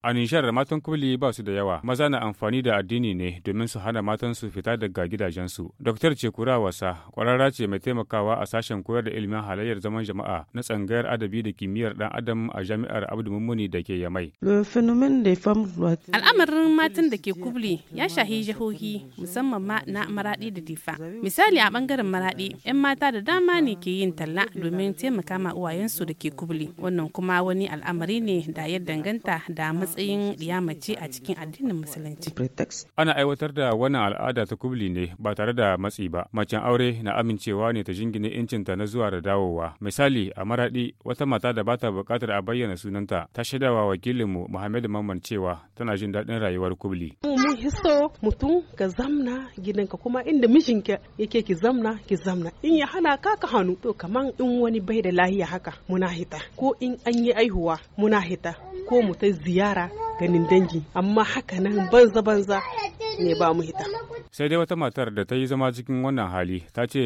A Nijar matan kubli ba su da yawa, maza na amfani da addini ne domin su hana matan su fita daga gidajensu. Dr. Cekura Wasa, kwararra ce mai taimakawa a sashen koyar da ilimin halayyar zaman jama'a na tsangayar adabi da kimiyyar dan adam a jami'ar Abdu Mummuni da ke Yamai. Al'amarin matan da ke kubli ya shahi jihohi musamman ma na maraɗi da difa. Misali a ɓangaren maraɗi 'yan mata da dama ne ke yin talla domin taimaka ma uwayensu da ke kubli. Wannan kuma wani al'amari ne da ya danganta da matsayin mace a cikin addinin musulunci. Ana aiwatar da wannan al'ada ta kubli ne ba tare da matsi ba. Macen aure na amincewa ne ta jingine incinta na zuwa da dawowa. Misali a Maraɗi wata mata da bata buƙatar a bayyana sunanta ta shaidawa wakilinmu Muhammad Mamman cewa tana jin daɗin rayuwar kubli. Mun hiso mutum ka zamna gidanka kuma inda mijinka yake ki zamna ki zamna in ya hana ka ka hannu to kaman in wani bai da lahiya haka muna hita ko in an yi aihuwa muna hita ko mu ta ziyara ganin dangi amma haka nan banza banza ne ba mu hita sai dai wata matar da ta yi zama cikin wannan hali ta ce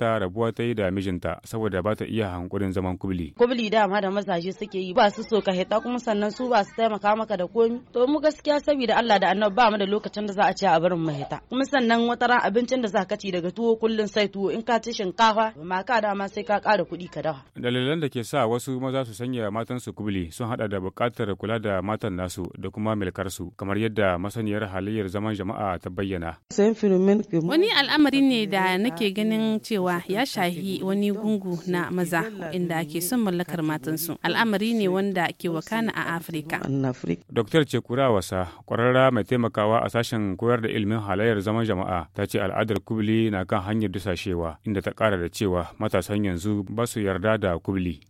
ta rabuwa ta yi da mijinta saboda ba ta iya hankurin zaman kubli kubli dama da mazaje suke yi ba su so ka heta kuma sannan su ba su taimaka maka da komi to mu gaskiya saboda Allah da annabi ba mu da lokacin da za a ci a barin mu heta kuma sannan wata ran abincin da za ka ci daga tuwo kullum sai tuwo in ka ci shinkafa ma ka dama sai ka kara kuɗi ka dawa dalilan da ke sa wasu maza su sanya matansu kubli sun haɗa da buƙatar kula da matan nasu da kuma milkarsu kamar yadda masaniyar halayyar zaman jama'a ta bayyana Wani al'amari ne da nake ganin cewa ya shahi wani gungu na maza inda ke son mallakar matansu. Al'amari ne wanda ke wakana a Afirka. Dr. Cekura Wasa, kwararra mai taimakawa a sashen koyar da ilimin halayyar zaman jama'a, ta ce al'adar kubli na kan hanyar dusashewa, inda ta kara da cewa matasan yanzu ba su yarda da kubli.